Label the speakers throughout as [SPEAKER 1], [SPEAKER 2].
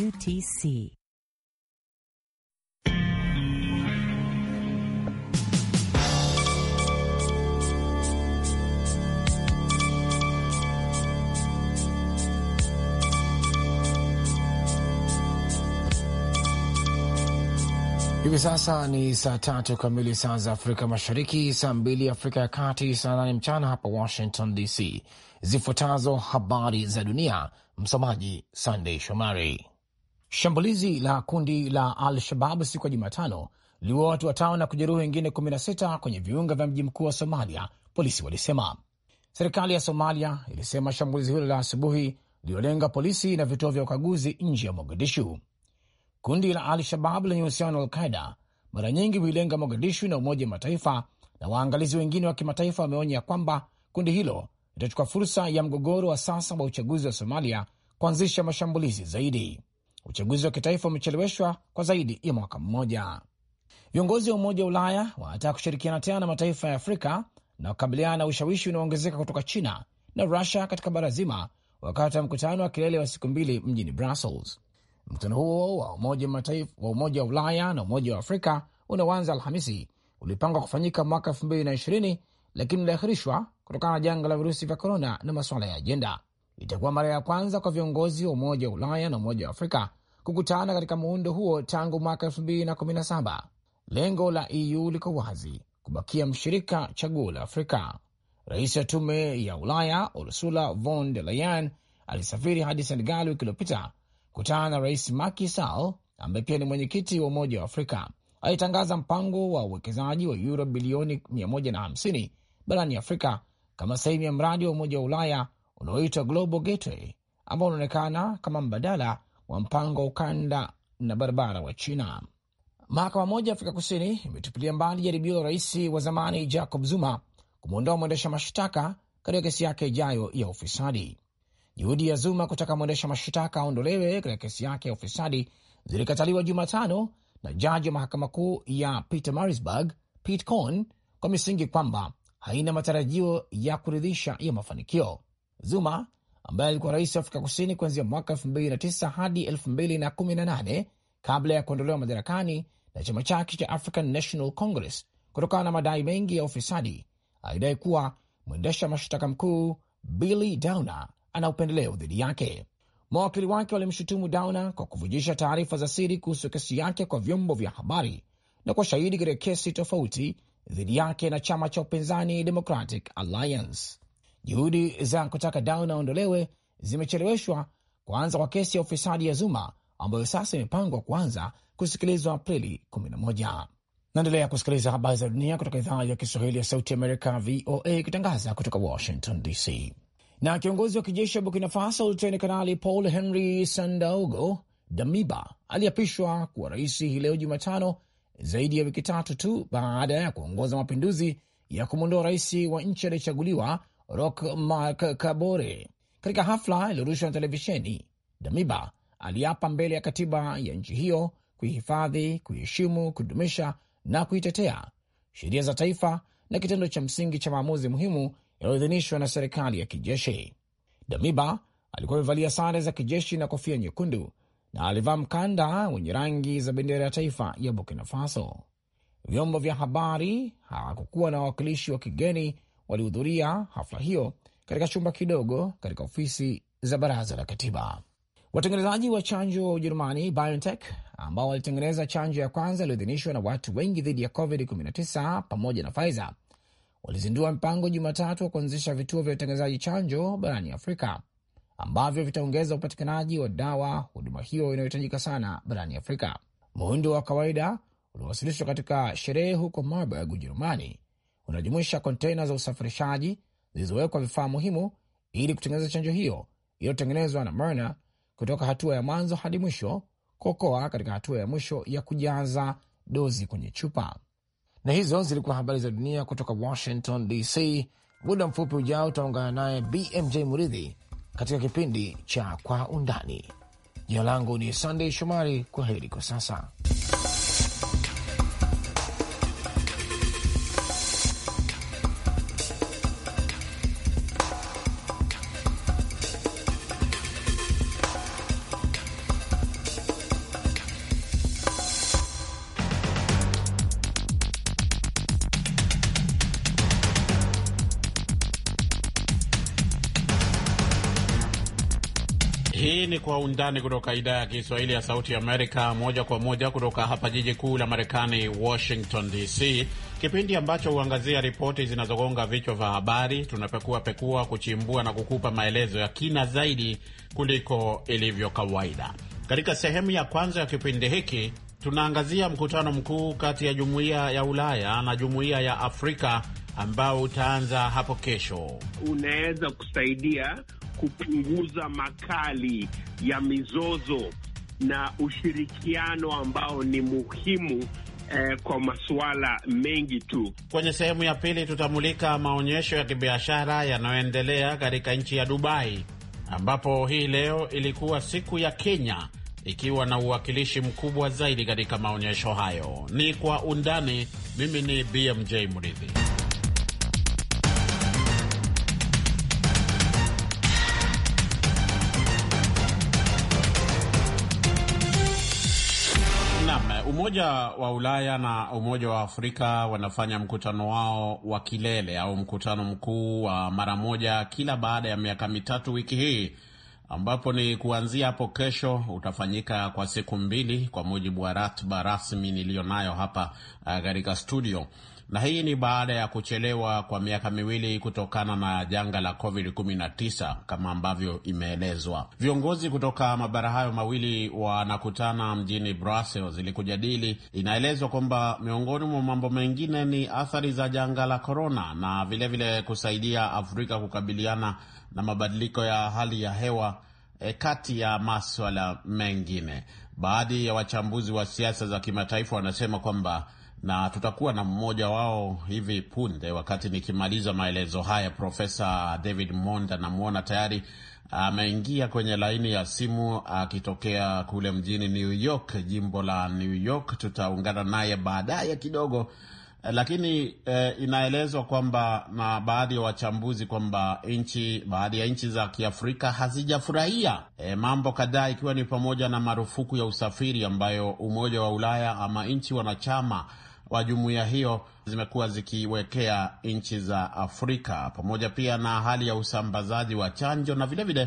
[SPEAKER 1] WTC.
[SPEAKER 2] Hivi sasa ni saa tatu kamili saa za Afrika Mashariki, saa mbili Afrika ya Kati, saa nane mchana hapa Washington DC. Zifuatazo habari za dunia, msomaji Sandey Shomari. Shambulizi la kundi la Al Shabab siku ya Jumatano liua watu watano na kujeruhi wengine 16 kwenye viunga vya mji mkuu wa Somalia, polisi walisema. Serikali ya Somalia ilisema shambulizi hilo la asubuhi liliolenga polisi na vituo vya ukaguzi nje ya Mogadishu. Kundi la Al Shabab lenye uhusiano na Alqaida mara nyingi huilenga Mogadishu na Umoja wa Mataifa, na waangalizi wengine wa kimataifa wameonya kwamba kundi hilo litachukua fursa ya mgogoro wa sasa wa uchaguzi wa Somalia kuanzisha mashambulizi zaidi uchaguzi wa kitaifa umecheleweshwa kwa zaidi ya mwaka mmoja. Viongozi wa Umoja wa Ulaya wanataka kushirikiana tena na mataifa ya Afrika na kukabiliana na ushawishi unaoongezeka kutoka China na Rusia katika bara zima, wakati wa mkutano wa kilele wa siku mbili mjini Brussels. Mkutano huo wa Umoja mataifa, wa Umoja wa Ulaya na Umoja wa Afrika unaoanza Alhamisi ulipangwa kufanyika mwaka elfu mbili na ishirini lakini uliahirishwa kutokana na janga la virusi vya korona na masuala ya ajenda. Itakuwa mara ya kwanza kwa viongozi wa Umoja wa Ulaya na Umoja wa Afrika kukutana katika muundo huo tangu mwaka 2017. Lengo la EU liko wazi, kubakia mshirika chaguo la Afrika. Rais wa tume ya Ulaya Ursula von der Leyen alisafiri hadi Senegal wiki iliyopita kutana na Rais Macky Sall ambaye pia ni mwenyekiti wa Umoja wa Afrika. Alitangaza mpango wa uwekezaji wa yuro bilioni 150 barani Afrika kama sehemu ya mradi wa Umoja wa Ulaya unaoitwa Global Gateway ambao unaonekana kama mbadala wa mpango wa ukanda na barabara wa China. Mahakama moja Afrika Kusini imetupilia mbali jaribio la rais wa zamani Jacob Zuma kumwondoa mwendesha mashtaka katika kesi yake ijayo ya ufisadi. Juhudi ya Zuma kutaka mwendesha mashtaka aondolewe katika kesi yake ya ufisadi zilikataliwa Jumatano na jaji wa mahakama kuu ya Pietermaritzburg Piet Cohn kwa misingi kwamba haina matarajio ya kuridhisha ya mafanikio. Zuma ambaye alikuwa rais wa Afrika Kusini kuanzia mwaka 2009 hadi 2018 kabla ya kuondolewa madarakani na chama chake cha African National Congress kutokana na madai mengi ya ufisadi. Alidai kuwa mwendesha mashtaka mkuu Billy Downer ana upendeleo dhidi yake. Mawakili wake walimshutumu Downer kwa kuvujisha taarifa za siri kuhusu kesi yake kwa vyombo vya habari na kwa shahidi katika kesi tofauti dhidi yake na chama cha upinzani Democratic Alliance. Juhudi za kutaka Dauna aondolewe zimecheleweshwa kuanza kwa kesi ya ufisadi ya Zuma ambayo sasa imepangwa kuanza kusikilizwa Aprili 11. Naendelea kusikiliza habari za dunia kutoka idhaa ya Kiswahili ya Sauti Amerika, VOA, ikitangaza kutoka Washington DC. Na kiongozi wa kijeshi wa Burkina Faso Luteni Kanali Paul Henry Sandaogo Damiba aliapishwa kuwa rais hii leo Jumatano, zaidi ya wiki tatu tu baada ya kuongoza mapinduzi ya kumwondoa rais wa nchi aliyechaguliwa Rock Marc Kabore katika hafla iliyorushwa na televisheni. Damiba aliapa mbele ya katiba ya nchi hiyo kuihifadhi, kuiheshimu, kudumisha na kuitetea sheria za taifa na kitendo cha msingi cha maamuzi muhimu yaliyoidhinishwa na serikali ya kijeshi. Damiba alikuwa amevalia sare za kijeshi na kofia nyekundu na alivaa mkanda wenye rangi za bendera ya taifa ya Burkina Faso. Vyombo vya habari hawakukuwa na wawakilishi wa kigeni walihudhuria hafla hiyo katika chumba kidogo katika ofisi za baraza la katiba. Watengenezaji wa chanjo wa Ujerumani BioNTech ambao walitengeneza chanjo ya kwanza iliyoidhinishwa na watu wengi dhidi ya COVID-19 pamoja na Pfizer walizindua mpango Jumatatu wa kuanzisha vituo vya utengenezaji chanjo barani Afrika ambavyo vitaongeza upatikanaji wa dawa, huduma hiyo inayohitajika sana barani Afrika. Muundo wa kawaida uliowasilishwa katika sherehe huko Marburg, Ujerumani, unajumuisha konteina za usafirishaji zilizowekwa vifaa muhimu ili kutengeneza chanjo hiyo iliyotengenezwa na Moderna kutoka hatua ya mwanzo hadi mwisho, kuokoa katika hatua ya mwisho ya kujaza dozi kwenye chupa. Na hizo zilikuwa habari za dunia kutoka Washington DC. Muda mfupi ujao utaungana naye BMJ Muridhi katika kipindi cha Kwa Undani. Jina langu ni Sandey Shomari. Kwa heri kwa sasa.
[SPEAKER 3] Kwa Undani kutoka idhaa ya Kiswahili ya Sauti Amerika, moja kwa moja kutoka hapa jiji kuu la Marekani, Washington DC, kipindi ambacho huangazia ripoti zinazogonga vichwa vya habari. Tunapekua pekua, kuchimbua na kukupa maelezo ya kina zaidi kuliko ilivyo kawaida. Katika sehemu ya kwanza ya kipindi hiki tunaangazia mkutano mkuu kati ya Jumuiya ya Ulaya na Jumuiya ya Afrika ambao utaanza hapo kesho.
[SPEAKER 4] Unaweza kusaidia kupunguza makali ya mizozo na ushirikiano ambao ni muhimu eh, kwa masuala mengi tu.
[SPEAKER 3] Kwenye sehemu ya pili tutamulika maonyesho ya kibiashara yanayoendelea katika nchi ya Dubai ambapo hii leo ilikuwa siku ya Kenya ikiwa na uwakilishi mkubwa zaidi katika maonyesho hayo. Ni kwa undani. Mimi ni BMJ Mridhi. Umoja wa Ulaya na Umoja wa Afrika wanafanya mkutano wao wa kilele au mkutano mkuu wa mara moja kila baada ya miaka mitatu wiki hii ambapo ni kuanzia hapo kesho utafanyika kwa siku mbili kwa mujibu wa ratiba rasmi niliyonayo hapa uh, katika studio. Na hii ni baada ya kuchelewa kwa miaka miwili kutokana na janga la COVID-19 kama ambavyo imeelezwa. Viongozi kutoka mabara hayo mawili wanakutana mjini Brussels ili kujadili. Inaelezwa kwamba miongoni mwa mambo mengine ni athari za janga la korona na vilevile vile kusaidia Afrika kukabiliana na mabadiliko ya hali ya hewa e, kati ya maswala mengine. Baadhi ya wachambuzi wa siasa za kimataifa wanasema kwamba, na tutakuwa na mmoja wao hivi punde wakati nikimaliza maelezo haya. Profesa David Monda namwona tayari ameingia kwenye laini ya simu akitokea kule mjini New York, jimbo la New York. Tutaungana naye baadaye kidogo Eh, lakini eh, inaelezwa kwamba na baadhi ya wachambuzi kwamba nchi baadhi ya nchi za Kiafrika hazijafurahia eh, mambo kadhaa, ikiwa ni pamoja na marufuku ya usafiri ambayo Umoja wa Ulaya ama nchi wanachama wa jumuiya hiyo zimekuwa zikiwekea nchi za Afrika, pamoja pia na hali ya usambazaji wa chanjo na vilevile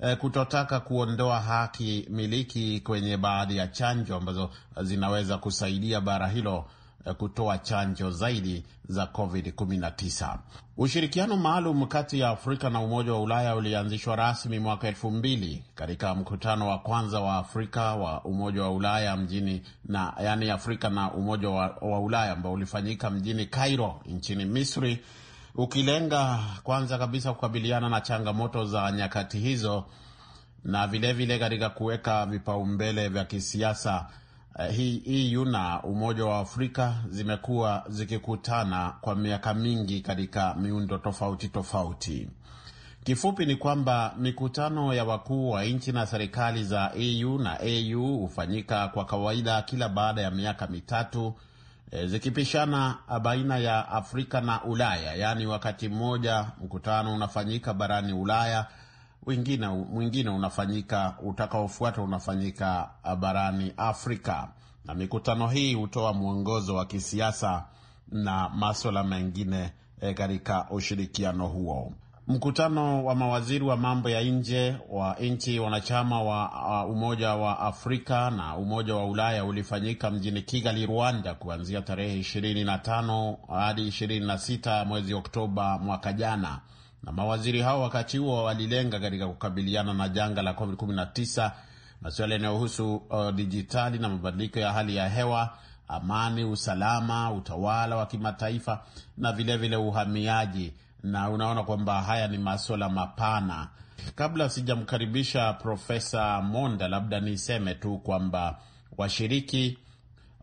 [SPEAKER 3] vile, eh, kutotaka kuondoa haki miliki kwenye baadhi ya chanjo ambazo zinaweza kusaidia bara hilo Eh, kutoa chanjo zaidi za COVID-19. Ushirikiano maalum kati ya Afrika na Umoja wa Ulaya ulianzishwa rasmi mwaka elfu mbili katika mkutano wa kwanza wa Afrika wa Umoja wa Ulaya mjini na yani Afrika na Umoja wa, wa Ulaya ambao ulifanyika mjini Cairo nchini Misri, ukilenga kwanza kabisa kukabiliana na changamoto za nyakati hizo na vilevile katika kuweka vipaumbele vya kisiasa Eh, hii EU na Umoja wa Afrika zimekuwa zikikutana kwa miaka mingi katika miundo tofauti tofauti. Kifupi ni kwamba mikutano ya wakuu wa nchi na serikali za EU na AU hufanyika kwa kawaida kila baada ya miaka mitatu e, zikipishana baina ya Afrika na Ulaya, yaani wakati mmoja mkutano unafanyika barani Ulaya wengine mwingine unafanyika utakaofuata unafanyika ah, barani Afrika, na mikutano hii hutoa mwongozo wa kisiasa na maswala mengine eh, katika ushirikiano huo. Mkutano wa mawaziri wa mambo ya nje wa nchi wanachama wa ah, Umoja wa Afrika na Umoja wa Ulaya ulifanyika mjini Kigali, Rwanda, kuanzia tarehe 25 hadi 26 mwezi Oktoba mwaka jana na mawaziri hao wakati huo walilenga katika kukabiliana na janga la COVID-19 masuala yanayohusu uh, dijitali na mabadiliko ya hali ya hewa, amani, usalama, utawala wa kimataifa na vilevile vile uhamiaji, na unaona kwamba haya ni masuala mapana. Kabla sijamkaribisha Profesa Monda, labda niseme tu kwamba washiriki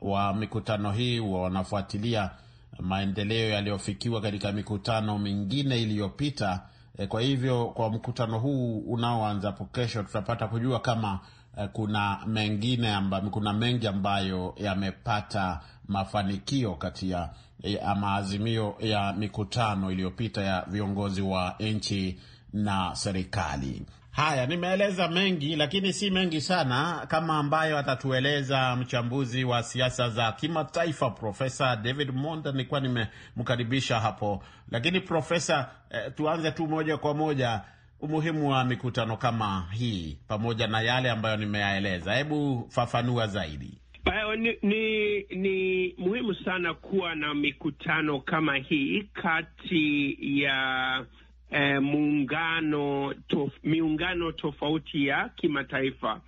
[SPEAKER 3] wa mikutano hii wanafuatilia maendeleo yaliyofikiwa katika mikutano mingine iliyopita. E, kwa hivyo kwa mkutano huu unaoanza hapo kesho tutapata kujua kama e, kuna mengine amba, kuna mengi ambayo yamepata mafanikio kati ya e, eh, maazimio ya mikutano iliyopita ya viongozi wa nchi na serikali. Haya, nimeeleza mengi lakini si mengi sana, kama ambayo atatueleza mchambuzi wa siasa za kimataifa Profesa David Monda. Nilikuwa nimemkaribisha hapo, lakini Profesa eh, tuanze tu moja kwa moja umuhimu wa mikutano kama hii pamoja na yale ambayo nimeyaeleza. Hebu fafanua zaidi.
[SPEAKER 4] Eh, ni, ni, ni muhimu sana kuwa na mikutano kama hii kati ya e, muungano tof, miungano tofauti ya kimataifa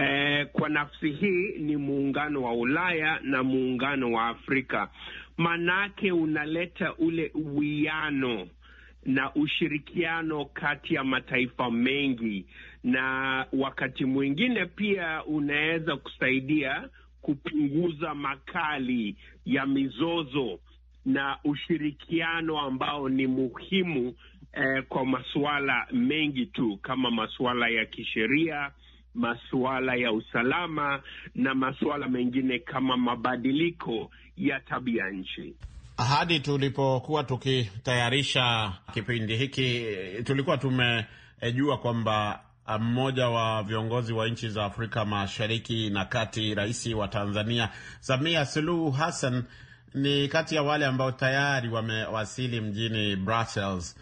[SPEAKER 4] e, kwa nafsi hii ni muungano wa Ulaya na muungano wa Afrika, manake unaleta ule uwiano na ushirikiano kati ya mataifa mengi, na wakati mwingine pia unaweza kusaidia kupunguza makali ya mizozo na ushirikiano ambao ni muhimu eh, kwa masuala mengi tu kama masuala ya kisheria, masuala ya usalama na masuala mengine kama mabadiliko ya tabia nchi.
[SPEAKER 3] Hadi tulipokuwa tukitayarisha kipindi hiki, tulikuwa tumejua kwamba mmoja wa viongozi wa nchi za Afrika Mashariki na Kati, Rais wa Tanzania Samia Suluhu Hassan ni kati ya wale ambao tayari wamewasili mjini Brussels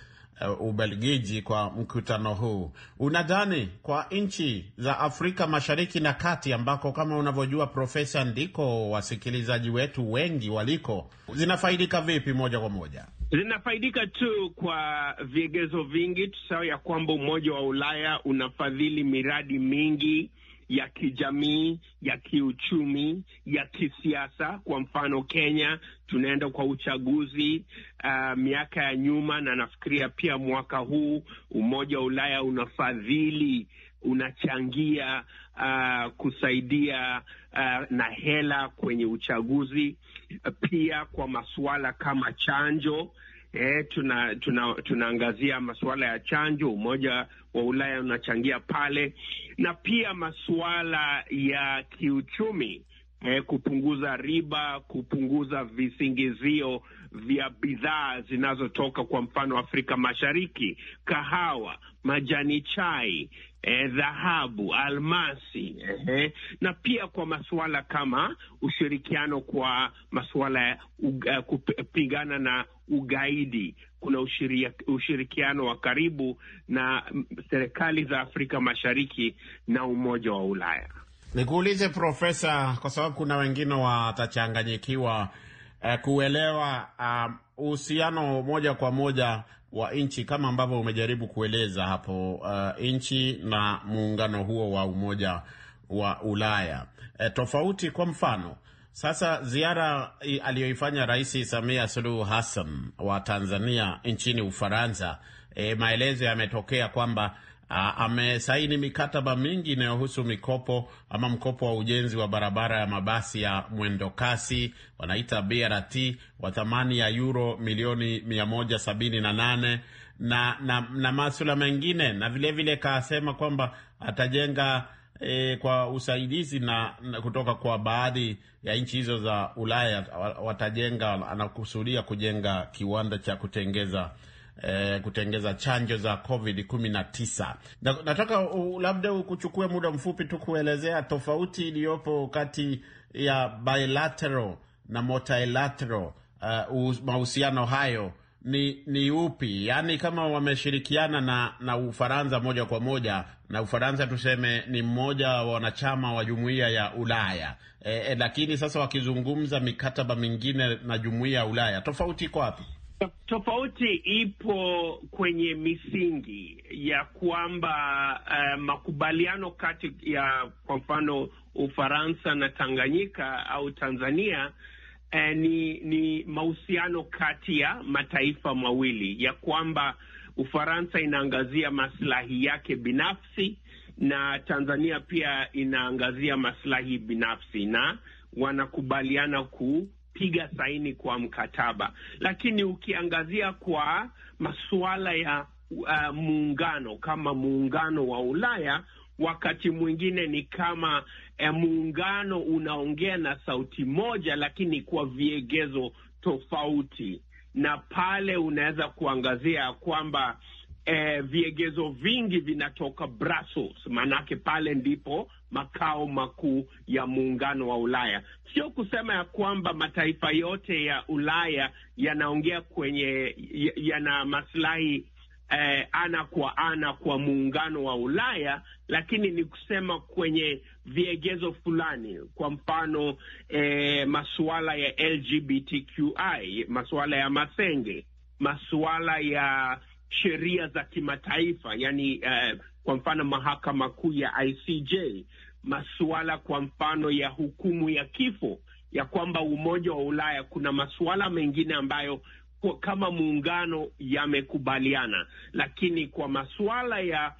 [SPEAKER 3] Eh, Ubelgiji kwa mkutano huu. Unadhani kwa nchi za Afrika Mashariki na Kati, ambako kama unavyojua Profesa, ndiko wasikilizaji wetu wengi waliko, zinafaidika vipi moja kwa moja?
[SPEAKER 4] Zinafaidika tu kwa vigezo vingi. Tusahau ya kwamba Umoja wa Ulaya unafadhili miradi mingi ya kijamii, ya kiuchumi, ya kisiasa. Kwa mfano, Kenya tunaenda kwa uchaguzi uh, miaka ya nyuma, na nafikiria pia mwaka huu Umoja wa Ulaya unafadhili unachangia uh, kusaidia uh, na hela kwenye uchaguzi, pia kwa masuala kama chanjo E, tuna, tuna, tunaangazia masuala ya chanjo. Umoja wa Ulaya unachangia pale na pia masuala ya kiuchumi e, kupunguza riba, kupunguza visingizio vya bidhaa zinazotoka kwa mfano Afrika Mashariki, kahawa, majani chai, eh, dhahabu, eh, almasi eh, na pia kwa masuala kama ushirikiano kwa masuala ya uh, kupigana na ugaidi. Kuna ushirikiano wa karibu na serikali za Afrika Mashariki na Umoja wa Ulaya.
[SPEAKER 3] Nikuulize Profesa, kwa sababu kuna wengine watachanganyikiwa eh, kuelewa um, uhusiano moja kwa moja wa nchi kama ambavyo umejaribu kueleza hapo uh, nchi na muungano huo wa Umoja wa Ulaya e, tofauti kwa mfano sasa ziara aliyoifanya Rais Samia Suluhu Hassan wa Tanzania nchini Ufaransa, e, maelezo yametokea kwamba amesaini mikataba mingi inayohusu mikopo ama mkopo wa ujenzi wa barabara ya mabasi ya mwendo kasi wanaita BRT wa thamani ya euro milioni 178 na, na, na masuala mengine na vilevile kaasema kwamba atajenga E, kwa usaidizi na, na kutoka kwa baadhi ya nchi hizo za Ulaya watajenga, anakusudia kujenga kiwanda cha kutengeza eh, kutengeza chanjo za Covid 19. Na, nataka uh, labda ukuchukue muda mfupi tu kuelezea tofauti iliyopo kati ya bilateral na multilateral uh, mahusiano hayo ni ni upi? Yaani, kama wameshirikiana na na Ufaransa moja kwa moja, na Ufaransa tuseme ni mmoja wa wanachama wa jumuiya ya Ulaya e, e, lakini sasa wakizungumza mikataba mingine na jumuiya ya Ulaya, tofauti iko wapi?
[SPEAKER 4] Tofauti ipo kwenye misingi ya kwamba uh, makubaliano kati ya kwa mfano Ufaransa na Tanganyika au Tanzania uh, ni, ni mahusiano kati ya mataifa mawili ya kwamba Ufaransa inaangazia maslahi yake binafsi na Tanzania pia inaangazia maslahi binafsi na wanakubaliana ku piga saini kwa mkataba, lakini ukiangazia kwa masuala ya uh, muungano kama muungano wa Ulaya wakati mwingine ni kama eh, muungano unaongea na sauti moja, lakini kwa viegezo tofauti, na pale unaweza kuangazia kwamba eh, viegezo vingi vinatoka Brussels, maanake pale ndipo makao makuu ya muungano wa Ulaya. Sio kusema ya kwamba mataifa yote ya Ulaya yanaongea kwenye yana maslahi eh, ana kwa ana kwa muungano wa Ulaya, lakini ni kusema kwenye viegezo fulani, kwa mfano eh, masuala ya LGBTQI, masuala ya masenge, masuala ya sheria za kimataifa yani eh, kwa mfano mahakama kuu ya ICJ, masuala kwa mfano ya hukumu ya kifo, ya kwamba umoja wa Ulaya kuna masuala mengine ambayo kwa, kama muungano yamekubaliana, lakini kwa masuala ya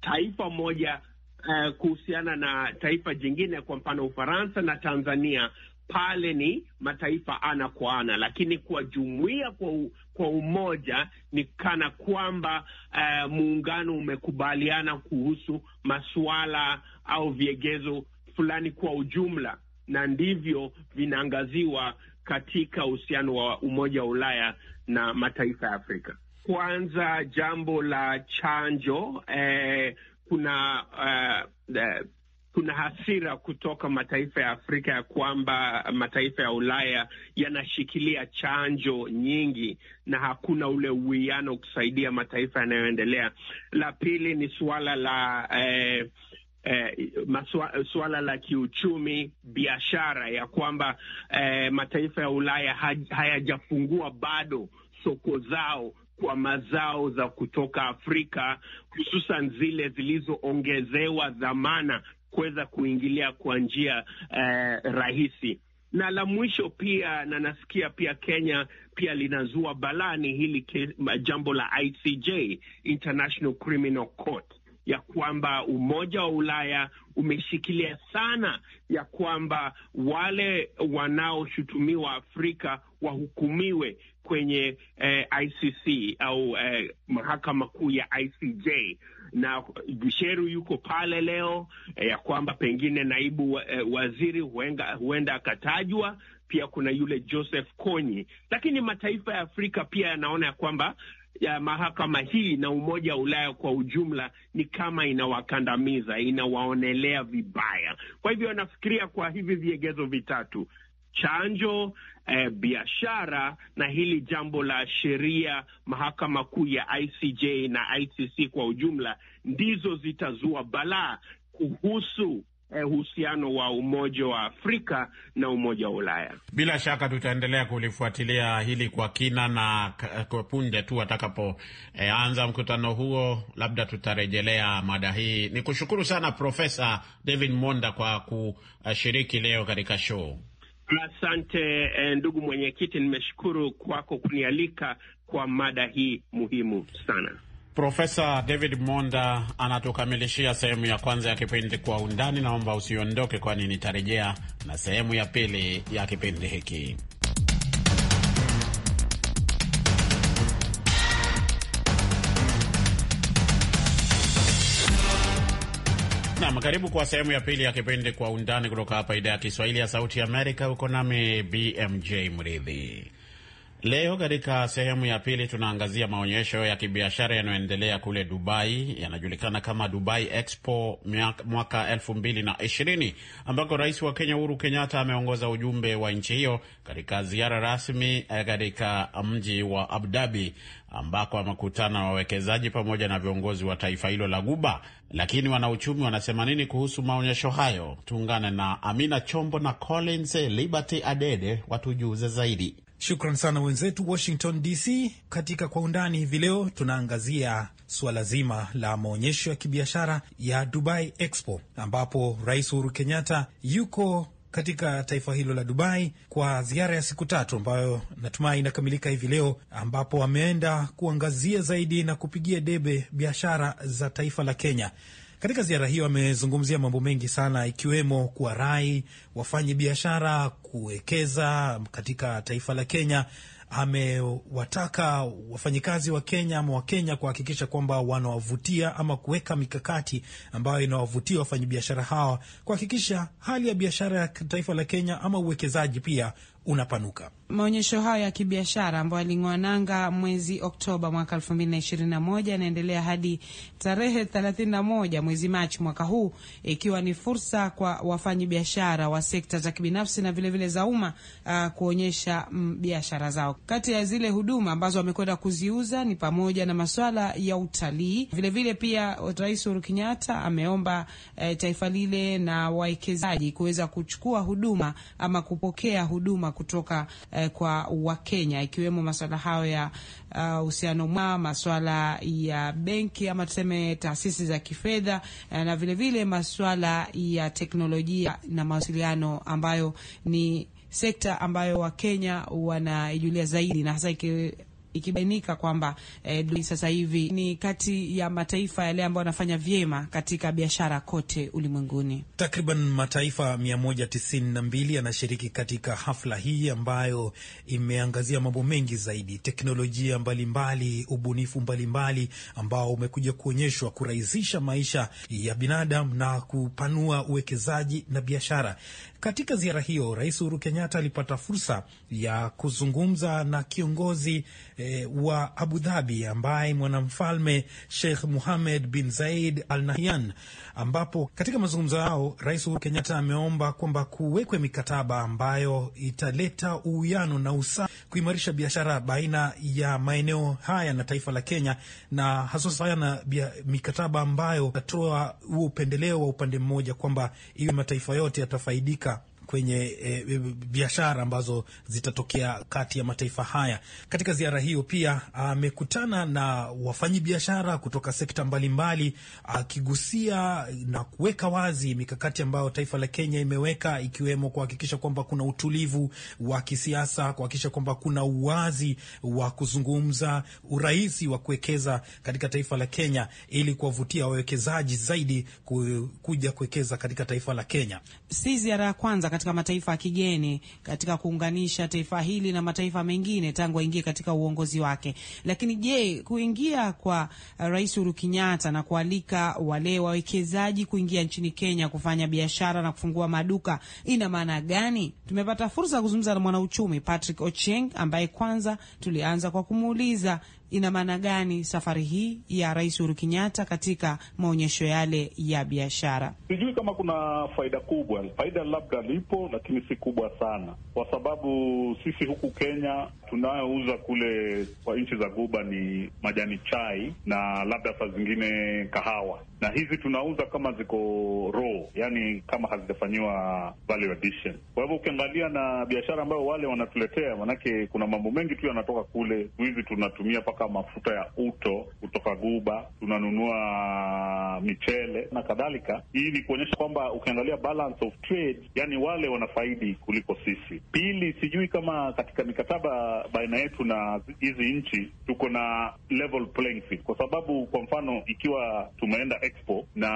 [SPEAKER 4] taifa moja uh, kuhusiana na taifa jingine, kwa mfano Ufaransa na Tanzania pale ni mataifa ana kwa ana, lakini kwa jumuiya kwa, u, kwa umoja ni kana kwamba uh, muungano umekubaliana kuhusu masuala au viegezo fulani kwa ujumla, na ndivyo vinaangaziwa katika uhusiano wa Umoja wa Ulaya na mataifa ya Afrika. Kwanza jambo la chanjo eh, kuna eh, eh kuna hasira kutoka mataifa ya Afrika ya kwamba mataifa ya Ulaya yanashikilia chanjo nyingi na hakuna ule uwiano kusaidia mataifa yanayoendelea. La pili ni suala la eh, Eh, maswa, suala la kiuchumi, biashara ya kwamba eh, mataifa ya Ulaya hayajafungua bado soko zao kwa mazao za kutoka Afrika, hususan zile zilizoongezewa dhamana kuweza kuingilia kwa njia eh, rahisi. Na la mwisho pia, na nasikia pia Kenya pia linazua balani hili ke, jambo la ICJ, International Criminal Court ya kwamba Umoja wa Ulaya umeshikilia sana ya kwamba wale wanaoshutumiwa Afrika wahukumiwe kwenye eh, ICC au eh, mahakama kuu ya ICJ na Bisheru yuko pale leo eh, ya kwamba pengine naibu wa, eh, waziri huenda, huenda akatajwa pia kuna yule Joseph Konyi, lakini mataifa ya Afrika pia yanaona ya kwamba ya mahakama hii na Umoja wa Ulaya kwa ujumla ni kama inawakandamiza, inawaonelea vibaya. Kwa hivyo nafikiria kwa hivi viegezo vitatu, chanjo eh, biashara na hili jambo la sheria, mahakama kuu ya ICJ na ICC kwa ujumla ndizo zitazua balaa kuhusu eh, uhusiano wa Umoja wa Afrika na Umoja wa Ulaya.
[SPEAKER 3] Bila shaka tutaendelea kulifuatilia hili kwa kina, na punde tu atakapoanza eh, e, mkutano huo, labda tutarejelea mada hii. Ni kushukuru sana Profesa David Monda kwa kushiriki eh, leo katika show.
[SPEAKER 4] Asante eh, ndugu mwenyekiti, nimeshukuru kwako kunialika kwa mada hii muhimu sana.
[SPEAKER 3] Profesa David Monda anatukamilishia sehemu ya kwanza ya kipindi Kwa Undani. Naomba usiondoke, kwani nitarejea na sehemu ya pili ya kipindi hiki. Karibu kwa sehemu ya pili ya kipindi Kwa Undani kutoka hapa idhaa ya Kiswahili ya Sauti Amerika. Uko nami BMJ Mridhi. Leo katika sehemu ya pili tunaangazia maonyesho ya kibiashara yanayoendelea kule Dubai, yanajulikana kama Dubai Expo mwaka ishirini ambako rais wa Kenya Uhuru Kenyatta ameongoza ujumbe wa nchi hiyo katika ziara rasmi eh, katika mji wa Abu Dhabi ambako amekutana wawekezaji pamoja na viongozi wa taifa hilo la Guba. Lakini wanauchumi wanasema nini kuhusu maonyesho hayo? Tuungane na
[SPEAKER 5] Amina Chombo na Collins Liberty Adede watujuze zaidi. Shukran sana wenzetu Washington DC. Katika kwa undani hivi leo tunaangazia suala zima la maonyesho ya kibiashara ya Dubai Expo ambapo Rais Uhuru Kenyatta yuko katika taifa hilo la Dubai kwa ziara ya siku tatu ambayo natumai inakamilika hivi leo, ambapo ameenda kuangazia zaidi na kupigia debe biashara za taifa la Kenya. Katika ziara hiyo amezungumzia mambo mengi sana, ikiwemo rai wafanye biashara kuwekeza katika taifa la Kenya. Amewataka wafanyikazi wa Kenya ama Wakenya kuhakikisha kwamba wanawavutia ama kuweka mikakati ambayo inawavutia wafanyabiashara hawa, kuhakikisha hali ya biashara ya taifa la Kenya ama uwekezaji pia unapanuka.
[SPEAKER 1] Maonyesho hayo ya kibiashara ambayo nanga mwezi Oktoba mwaka elfu mbili na na ishirini moja yanaendelea hadi tarehe thelathini na moja mwezi Machi mwaka huu, ikiwa ni fursa kwa wafanyi biashara wa sekta za kibinafsi na vilevile vile za umma uh, kuonyesha mm, biashara zao. Kati ya zile huduma ambazo wamekwenda kuziuza ni pamoja na maswala ya utalii, vilevile pia Rais Uhuru Kenyatta ameomba uh, taifa lile na wawekezaji kuweza kuchukua huduma ama kupokea huduma kutoka eh, kwa Wakenya, ikiwemo maswala hayo ya uh, uhusiano mwema, maswala ya benki ama tuseme taasisi za kifedha eh, na vilevile masuala maswala ya teknolojia na mawasiliano ambayo ni sekta ambayo Wakenya wanaijulia zaidi na hasa iki ikibainika kwamba eh, sasa hivi ni kati ya mataifa yale ambayo yanafanya vyema katika biashara kote ulimwenguni.
[SPEAKER 5] Takriban mataifa 192 yanashiriki katika hafla hii ambayo imeangazia mambo mengi zaidi, teknolojia mbalimbali mbali, ubunifu mbalimbali mbali, ambao umekuja kuonyeshwa kurahisisha maisha ya binadamu na kupanua uwekezaji na biashara. Katika ziara hiyo, Rais Uhuru Kenyatta alipata fursa ya kuzungumza na kiongozi eh, wa Abu Dhabi ambaye mwanamfalme Sheikh muhamed bin Zaid Al Nahyan ambapo katika mazungumzo yao Rais Uhuru Kenyatta ameomba kwamba kuwekwe mikataba ambayo italeta uwiano na usawa, kuimarisha biashara baina ya maeneo haya na taifa la Kenya, na hasa sana mikataba ambayo itatoa huo upendeleo wa upande mmoja, kwamba iwe mataifa yote yatafaidika kwenye e, biashara ambazo zitatokea kati ya mataifa haya. Katika ziara hiyo pia amekutana na wafanyabiashara kutoka sekta mbalimbali akigusia na kuweka wazi mikakati ambayo taifa la Kenya imeweka ikiwemo kuhakikisha kwamba kuna utulivu wa kisiasa, kuhakikisha kwamba kuna uwazi wa kuzungumza, urahisi wa kuwekeza katika taifa la Kenya ili kuwavutia wawekezaji zaidi kuja kuwekeza katika taifa la Kenya.
[SPEAKER 1] Si ziara ya kwanza katika mataifa ya kigeni katika kuunganisha taifa hili na mataifa mengine tangu aingie katika uongozi wake. Lakini je, kuingia kwa uh, Rais Uhuru Kenyatta na kualika wale wawekezaji kuingia nchini Kenya kufanya biashara na kufungua maduka ina maana gani? Tumepata fursa ya kuzungumza na mwanauchumi Patrick Ocheng ambaye kwanza tulianza kwa kumuuliza ina maana gani safari hii ya Rais Uhuru Kenyatta katika maonyesho yale ya biashara?
[SPEAKER 6] Sijui kama kuna faida kubwa. Faida labda lipo, lakini si kubwa sana, kwa sababu sisi huku Kenya tunayouza kule kwa nchi za Guba ni majani chai na labda saa zingine kahawa na hizi tunauza kama ziko raw, yani kama hazijafanyiwa value addition. Kwa hivyo ukiangalia na biashara ambayo wale wanatuletea, manake kuna mambo mengi tu yanatoka kule. Siku hizi tunatumia mpaka mafuta ya uto kutoka Guba, tunanunua michele na kadhalika. Hii ni kuonyesha kwamba ukiangalia balance of trade, yani wale wanafaidi kuliko sisi. Pili, sijui kama katika mikataba baina yetu na hizi nchi tuko na level playing field, kwa sababu kwa mfano ikiwa tumeenda Expo na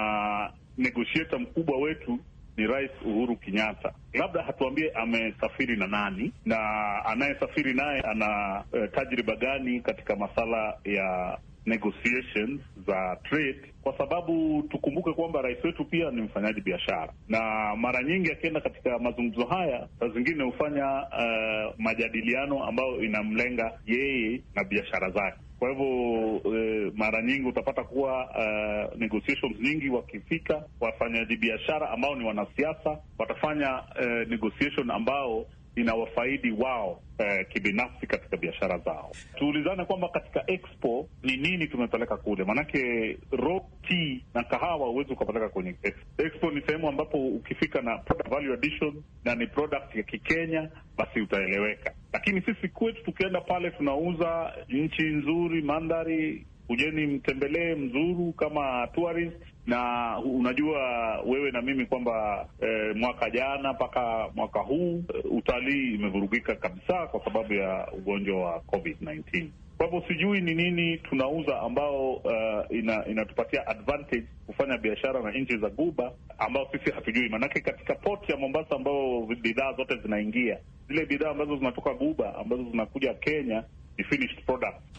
[SPEAKER 6] negotiator mkubwa wetu ni Rais Uhuru Kenyatta. Labda hatuambie amesafiri na nani na anayesafiri naye ana uh, tajriba gani katika masala ya negotiations za trade, kwa sababu tukumbuke kwamba rais wetu pia ni mfanyaji biashara, na mara nyingi akienda katika mazungumzo haya, saa zingine hufanya uh, majadiliano ambayo inamlenga yeye na biashara zake. Kwa hivyo e, mara nyingi utapata kuwa uh, negotiations nyingi wakifika, wafanyaji biashara ambao ni wanasiasa watafanya uh, negotiation ambao inawafaidi wao eh, kibinafsi katika biashara zao. Tuulizane kwamba katika expo ni nini tumepeleka kule, maanake roti na kahawa huwezi ukapeleka kwenye expo. Expo ni sehemu ambapo ukifika na product value addition na ni product ya Kikenya basi utaeleweka. Lakini sisi kwetu tukienda pale tunauza nchi nzuri, mandhari, ujeni mtembelee, mzuru kama tourist na unajua wewe na mimi kwamba eh, mwaka jana mpaka mwaka huu eh, utalii imevurugika kabisa kwa sababu ya ugonjwa wa COVID-19. Kwa hivyo sijui ni nini tunauza ambao uh, ina, inatupatia advantage kufanya biashara na nchi za Guba ambao sisi hatujui, maanake katika poti ya Mombasa ambao bidhaa zote zinaingia zile bidhaa ambazo zinatoka Guba ambazo zinakuja Kenya ni finished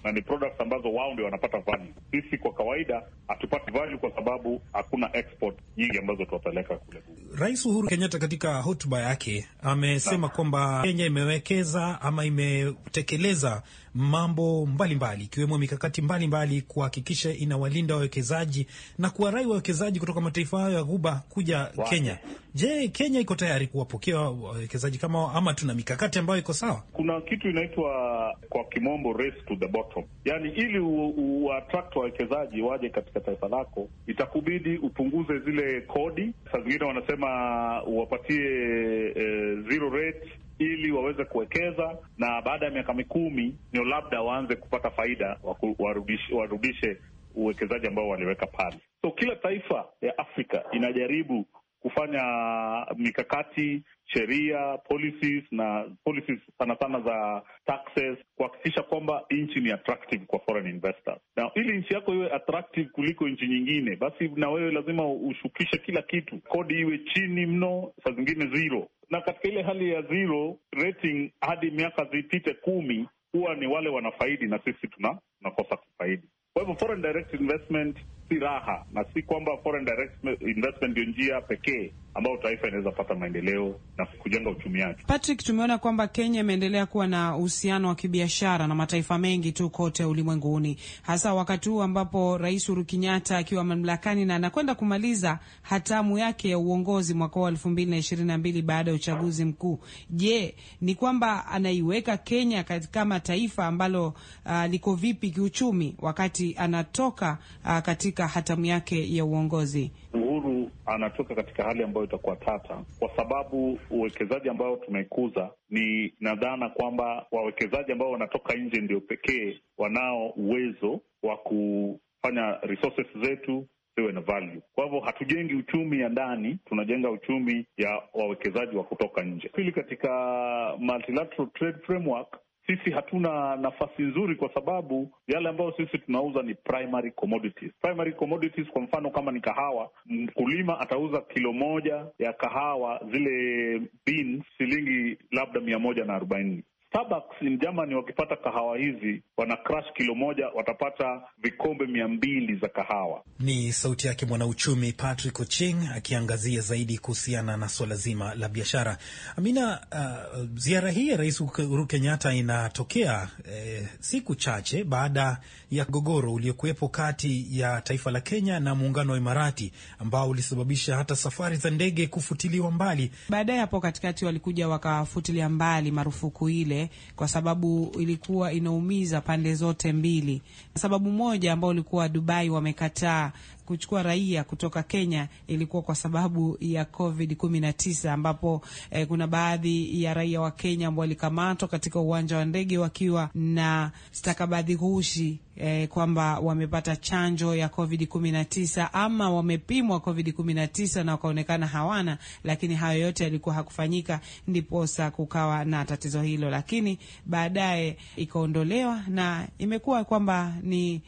[SPEAKER 6] na ni products ambazo wao ndio wanapata value. Sisi kwa kawaida hatupati value kwa sababu hakuna export nyingi ambazo tuwapeleka kule.
[SPEAKER 5] Rais Uhuru Kenyatta katika hotuba yake amesema kwamba Kenya imewekeza ama imetekeleza mambo mbalimbali ikiwemo mikakati mbalimbali kuhakikisha inawalinda wawekezaji na kuwarai wawekezaji kutoka mataifa hayo ya Ghuba kuja wow, Kenya. Je, Kenya iko tayari kuwapokea wawekezaji kama ama tuna mikakati ambayo iko sawa?
[SPEAKER 6] Kuna kitu inaitwa kwa kimombo race to the bottom, yaani ili uattract wawekezaji waje katika taifa lako itakubidi upunguze zile kodi. Saa zingine wanasema uwapatie eh, zero rate ili waweze kuwekeza na baada ya miaka mikumi ndio labda waanze kupata faida, warudishe, warudishe uwekezaji ambao waliweka pale. So kila taifa ya Afrika inajaribu kufanya mikakati, sheria, policies na policies sana sana za taxes kuhakikisha kwamba nchi ni attractive kwa foreign investors. Na ili nchi yako iwe attractive kuliko nchi nyingine, basi na wewe lazima ushukishe kila kitu, kodi iwe chini mno, saa zingine zero, na katika ile hali ya zero rating hadi miaka zipite kumi huwa ni wale wanafaidi na sisi tuna tunakosa kufaidi. Kwa hivyo foreign direct investment si raha, na si kwamba foreign direct investment ndio njia pekee ambao taifa inaweza pata maendeleo na kujenga uchumi wake.
[SPEAKER 1] Patrick, tumeona kwamba Kenya imeendelea kuwa na uhusiano wa kibiashara na mataifa mengi tu kote ulimwenguni, hasa wakati huu ambapo Rais Uhuru Kenyatta akiwa mamlakani na anakwenda kumaliza hatamu yake ya uongozi mwaka wa elfu mbili na ishirini na mbili baada ya uchaguzi mkuu. Je, ni kwamba anaiweka Kenya kama taifa ambalo uh, liko vipi kiuchumi wakati anatoka uh, katika hatamu yake ya uongozi?
[SPEAKER 6] anatoka katika hali ambayo itakuwa tata, kwa sababu uwekezaji ambao tumekuza ni nadhana kwamba wawekezaji ambao wanatoka nje ndio pekee wanao uwezo wa kufanya resources zetu ziwe na value. Kwa hivyo hatujengi uchumi ya ndani, tunajenga uchumi ya wawekezaji wa kutoka nje. Pili, katika multilateral trade framework sisi hatuna nafasi nzuri, kwa sababu yale ambayo sisi tunauza ni primary commodities. Primary commodities kwa mfano kama ni kahawa, mkulima atauza kilo moja ya kahawa zile beans shilingi labda mia moja na arobaini Starbucks ni Mjamani, wakipata kahawa hizi wana crush kilo moja, watapata vikombe mia mbili za kahawa.
[SPEAKER 5] Ni sauti yake mwanauchumi Patrick Oching akiangazia zaidi kuhusiana na swala zima la biashara. Amina, uh, ziara hii ya Rais Uhuru Kenyatta inatokea eh, siku chache baada ya gogoro uliokuwepo kati ya taifa la Kenya na
[SPEAKER 1] muungano wa Imarati ambao ulisababisha hata safari za ndege kufutiliwa mbali. Baadaye hapo katikati walikuja wakafutilia mbali marufuku ile kwa sababu ilikuwa inaumiza pande zote mbili. Sababu moja ambayo ilikuwa Dubai wamekataa kuchukua raia kutoka Kenya ilikuwa kwa sababu ya COVID 19 ambapo eh, kuna baadhi ya raia wa Kenya ambao walikamatwa katika uwanja wa ndege wakiwa na stakabadhi ghushi eh, kwamba wamepata chanjo ya COVID 19 ama wamepimwa COVID 19 na wakaonekana hawana, lakini hayo yote yalikuwa hakufanyika, ndiposa kukawa na tatizo hilo, lakini baadaye ikaondolewa na imekuwa kwamba ni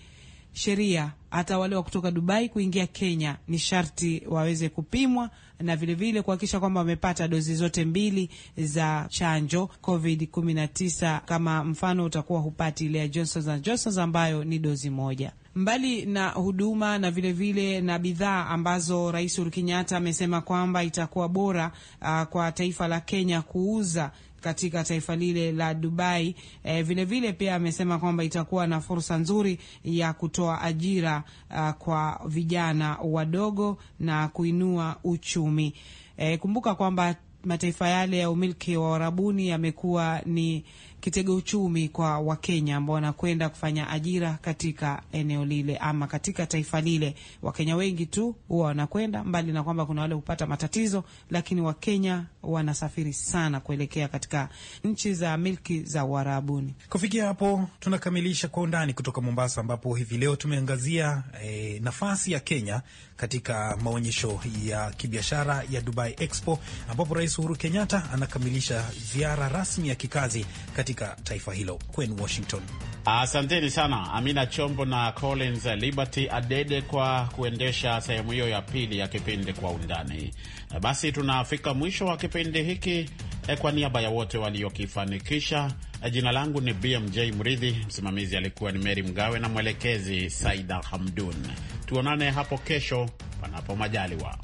[SPEAKER 1] sheria hata wale wa kutoka Dubai kuingia Kenya ni sharti waweze kupimwa na vilevile kuhakikisha kwamba wamepata dozi zote mbili za chanjo Covid 19. Kama mfano utakuwa hupati ile ya Johnson and Johnson ambayo ni dozi moja. Mbali na huduma na vilevile vile na bidhaa ambazo Rais Uhuru Kenyatta amesema kwamba itakuwa bora uh, kwa taifa la Kenya kuuza katika taifa lile la Dubai. Vilevile eh, vile pia amesema kwamba itakuwa na fursa nzuri ya kutoa ajira uh, kwa vijana wadogo na kuinua uchumi. Eh, kumbuka kwamba mataifa yale ya umiliki wa Warabuni yamekuwa ni kitega uchumi kwa Wakenya ambao wanakwenda kufanya ajira katika eneo lile ama katika taifa lile. Wakenya wengi tu huwa wanakwenda, mbali na kwamba kuna wale hupata matatizo, lakini Wakenya wanasafiri sana kuelekea katika nchi za milki za Uarabuni. Kufikia hapo,
[SPEAKER 5] tunakamilisha Kwa Undani kutoka Mombasa, ambapo hivi leo tumeangazia e, nafasi ya Kenya katika maonyesho ya kibiashara ya Dubai Expo, ambapo Rais Uhuru Kenyatta anakamilisha ziara rasmi ya kikazi katika taifa hilo. Kwenu Washington,
[SPEAKER 3] asanteni sana Amina Chombo na Collins Liberty Adede kwa kuendesha sehemu hiyo ya pili ya kipindi Kwa Undani. Basi tunafika mwisho wa kipindi kipindi hiki eh, kwa niaba ya wote waliokifanikisha. Eh, jina langu ni BMJ Mridhi, msimamizi alikuwa ni Meri Mgawe na mwelekezi Saida Hamdun. Tuonane hapo kesho, panapo majaliwa.